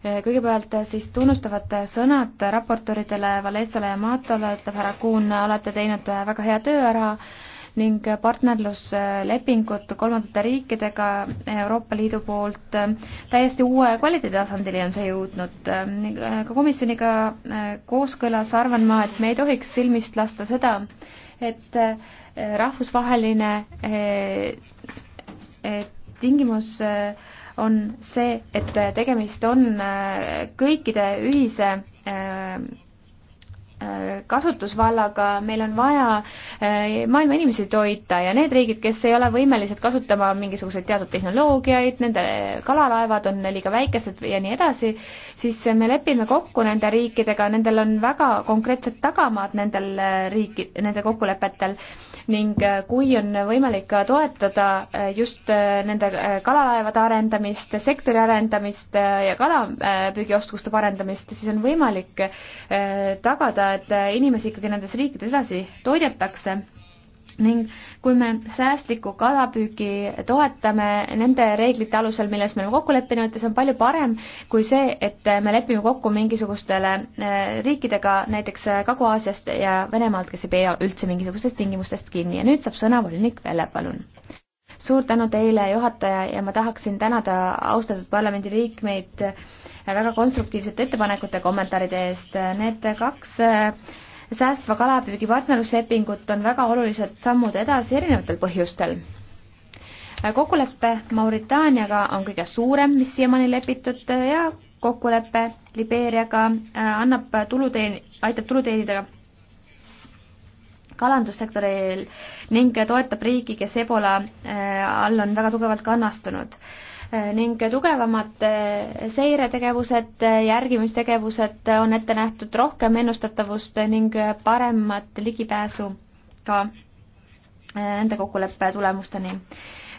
äh, kõigepealt äh, siis tunnustavad sõnad raportööridele Valesale ja Matole, ütleb härra Kuhn, olete teinud väga hea töö ära ning partnerluslepingud kolmandate riikidega Euroopa Liidu poolt täiesti uue kvaliteeditasandini on see jõudnud. ka komisjoniga kooskõlas arvan ma, et me ei tohiks silmist lasta seda, et rahvusvaheline eh, eh, tingimus eh, on see, et tegemist on kõikide ühise kasutusvallaga, meil on vaja maailma inimesi toita ja need riigid, kes ei ole võimelised kasutama mingisuguseid teatud tehnoloogiaid, nende kalalaevad on liiga väikesed ja nii edasi, siis me lepime kokku nende riikidega, nendel on väga konkreetsed tagamaad nendel riiki, nendel kokkulepetel ning äh, kui on võimalik toetada äh, just äh, nende kalalaevade arendamist, sektori arendamist ja kalapüügioskuste parendamist, siis on võimalik tagada, et inimesi ikkagi nendes riikides edasi toidetakse ning kui me säästlikku kalapüüki toetame nende reeglite alusel, milles me oleme kokku leppinud, see on palju parem kui see, et me lepime kokku mingisugustele äh, riikidega, näiteks äh, Kagu-Aasiast ja Venemaalt, kes ei pea üldse mingisugustest tingimustest kinni ja nüüd saab sõna volinik Velle, palun suur tänu teile, juhataja, ja ma tahaksin tänada austatud parlamendiliikmeid väga konstruktiivsete ettepanekute, kommentaaride eest. Need kaks äh, säästva kalapüügi partnerluslepingut on väga olulised sammud edasi erinevatel põhjustel. kokkulepe Mauritaaniaga on kõige suurem, mis siiamaani lepitud ja kokkulepe Libeeriaga äh, annab tulu teen-, aitab tulu teenida kalandussektoril ning toetab riiki, kes Ebola äh, all on väga tugevalt kannastunud Eh, ning tugevamad eh, seiretegevused, eh, järgimistegevused on ette nähtud rohkem ennustatavust ning paremat ligipääsu ka nende kokkuleppe tulemusteni.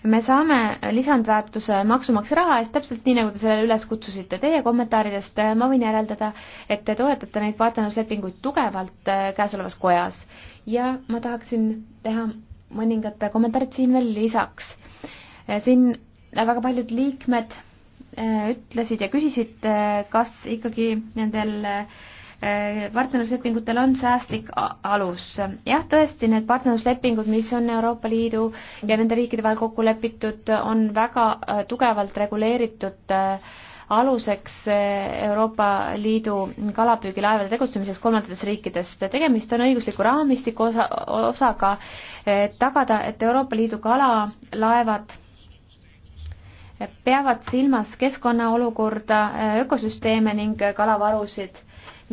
me saame lisandväärtuse maksumaksja raha eest, täpselt nii, nagu te sellele üles kutsusite. Teie kommentaaridest ma võin järeldada, et te toetate neid partnerluslepinguid tugevalt käesolevas kojas ja ma tahaksin teha mõningad kommentaarid siin veel lisaks. siin väga paljud liikmed äh, ütlesid ja küsisid, äh, kas ikkagi nendel äh, partnerluslepingutel on säästlik alus. jah, tõesti, need partnerluslepingud, mis on Euroopa Liidu ja nende riikide vahel kokku lepitud, on väga tugevalt reguleeritud aluseks Euroopa Liidu kalapüügilaevade tegutsemiseks kolmandates riikides. tegemist on õigusliku raamistiku osa, osaga, et tagada, et Euroopa Liidu kalalaevad peavad silmas keskkonnaolukorda, ökosüsteeme ning kalavarusid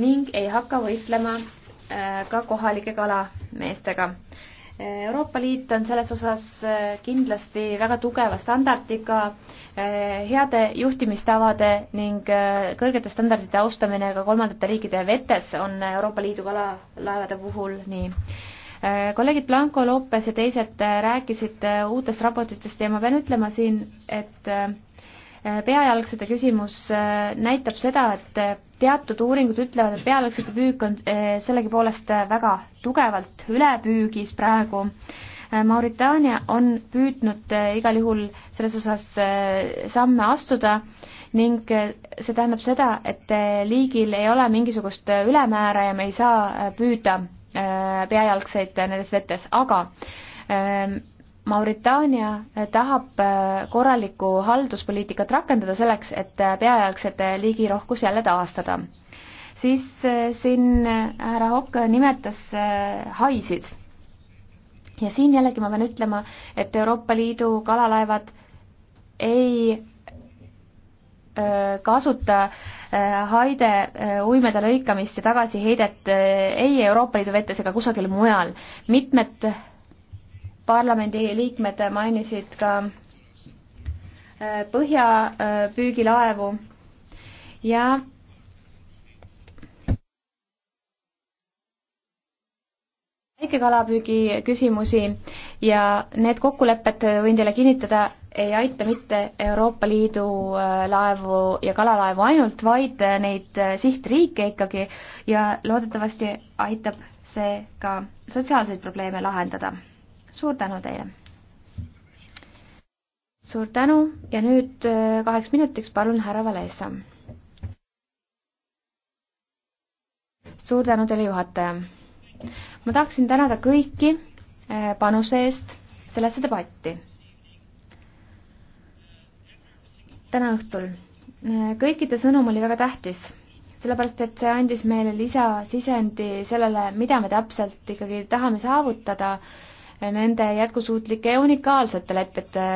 ning ei hakka võitlema äh, ka kohalike kalameestega. Euroopa Liit on selles osas äh, kindlasti väga tugeva standardiga, äh, heade juhtimistavade ning kõrgete standardite austamine ka kolmandate riikide vetes on Euroopa Liidu kalalaevade puhul nii Äh, kolleegid Blanco Lopes ja teised äh, rääkisid äh, uutest raportitest ja ma pean ütlema siin, et peajalgsete küsimus näitab seda, et teatud uuringud ütlevad, et peajalgsete püük on sellegipoolest väga tugevalt ülepüügis praegu. Mauritaania on püüdnud igal juhul selles osas samme astuda ning see tähendab seda, et liigil ei ole mingisugust ülemäära ja me ei saa püüda Äh, peajalgseid nendes vetes, aga ähm, Mauritaania äh, tahab äh, korralikku halduspoliitikat rakendada selleks, et peajalgsete liigirohkus jälle taastada. siis siin härra Hokk nimetas haisid. ja siin jällegi ma pean ütlema, et Euroopa Liidu kalalaevad ei Äh, kasuta äh, haide äh, uimeda lõikamist ja tagasiheidet ei Euroopa Liidu vetes ega kusagil mujal. mitmed parlamendiliikmed mainisid ka põhjapüügilaevu ja väikekalapüügi küsimusi ja need kokkulepped, võin teile kinnitada, ei aita mitte Euroopa Liidu äh, laevu ja kalalaevu ainult, vaid äh, neid äh, sihtriike ikkagi ja loodetavasti aitab see ka sotsiaalseid probleeme lahendada. suur tänu teile! suur tänu ja nüüd kaheks minutiks palun härra Valesa. suur tänu teile, juhataja! ma tahaksin tänada kõiki eh, panuse eest sellesse debatti. täna õhtul. Eh, kõikide sõnum oli väga tähtis, sellepärast et see andis meile lisasisendi sellele, mida me täpselt ikkagi tahame saavutada eh, nende jätkusuutlike ja unikaalsete leppete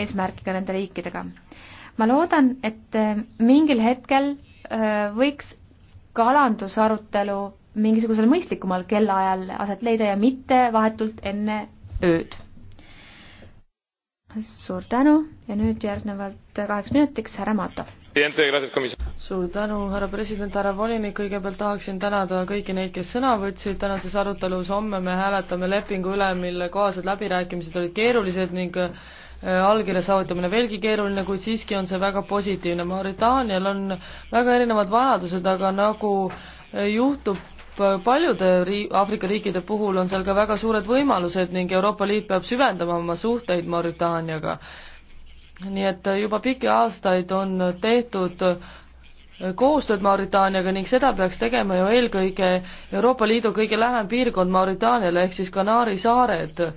eesmärkiga nende riikidega. ma loodan, et mingil hetkel võiks kalandusarutelu mingisugusel mõistlikumal kellaajal aset leida ja mitte vahetult enne ööd. suur tänu ja nüüd järgnevalt kaheks minutiks härra Mato. suur tänu, härra president, härra volinik, kõigepealt tahaksin tänada kõiki neid, kes sõna võtsid tänases arutelus, homme me hääletame lepingu üle, mille kohaselt läbirääkimised olid keerulised ning äh, allkirja saavutamine veelgi keeruline, kuid siiski on see väga positiivne. Mauritaanial on väga erinevad vajadused, aga nagu äh, juhtub paljude ri-, Aafrika riikide puhul on seal ka väga suured võimalused ning Euroopa Liit peab süvendama oma suhteid Mauritaaniaga. nii et juba pikki aastaid on tehtud koostööd Mauritaaniaga ning seda peaks tegema ju eelkõige Euroopa Liidu kõige lähem piirkond Mauritaaniale ehk siis Kanaari saared.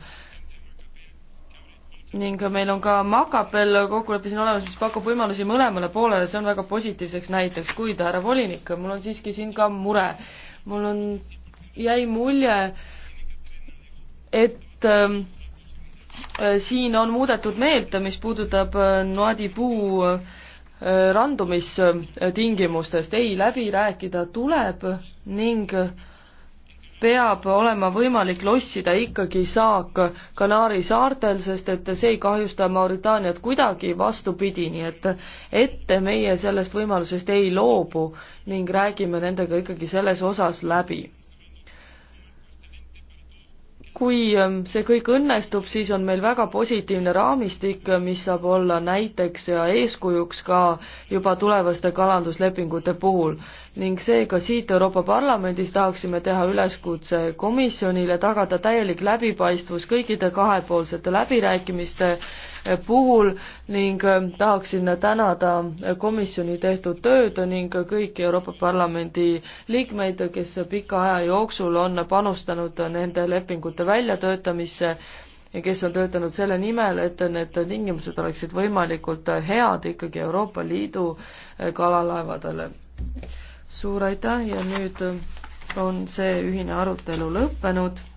ning meil on ka Makapel kokkulepe siin olemas, mis pakub võimalusi mõlemale poolele, see on väga positiivseks näiteks, kuid härra volinik, mul on siiski siin ka mure mul on, jäi mulje, et ähm, äh, siin on muudetud meelt, mis puudutab äh, noadipuu äh, randumistingimustest, äh, ei, läbi rääkida tuleb ning äh, peab olema võimalik lossida ikkagi saak Kanaari saartel, sest et see ei kahjusta Mauritaaniat kuidagi, vastupidi, nii et ette meie sellest võimalusest ei loobu ning räägime nendega ikkagi selles osas läbi kui ähm, see kõik õnnestub, siis on meil väga positiivne raamistik, äh, mis saab olla näiteks ja eeskujuks ka juba tulevaste kalanduslepingute puhul. ning seega siit Euroopa Parlamendis tahaksime teha üleskutse komisjonile tagada täielik läbipaistvus kõikide kahepoolsete läbirääkimiste puhul ning äh, tahaksin tänada komisjoni tehtud tööd ning kõiki Euroopa Parlamendi liikmeid, kes pika aja jooksul on panustanud nende lepingute väljatöötamisse ja kes on töötanud selle nimel, et need tingimused oleksid võimalikult head ikkagi Euroopa Liidu äh, kalalaevadele. suur aitäh ja nüüd on see ühine arutelu lõppenud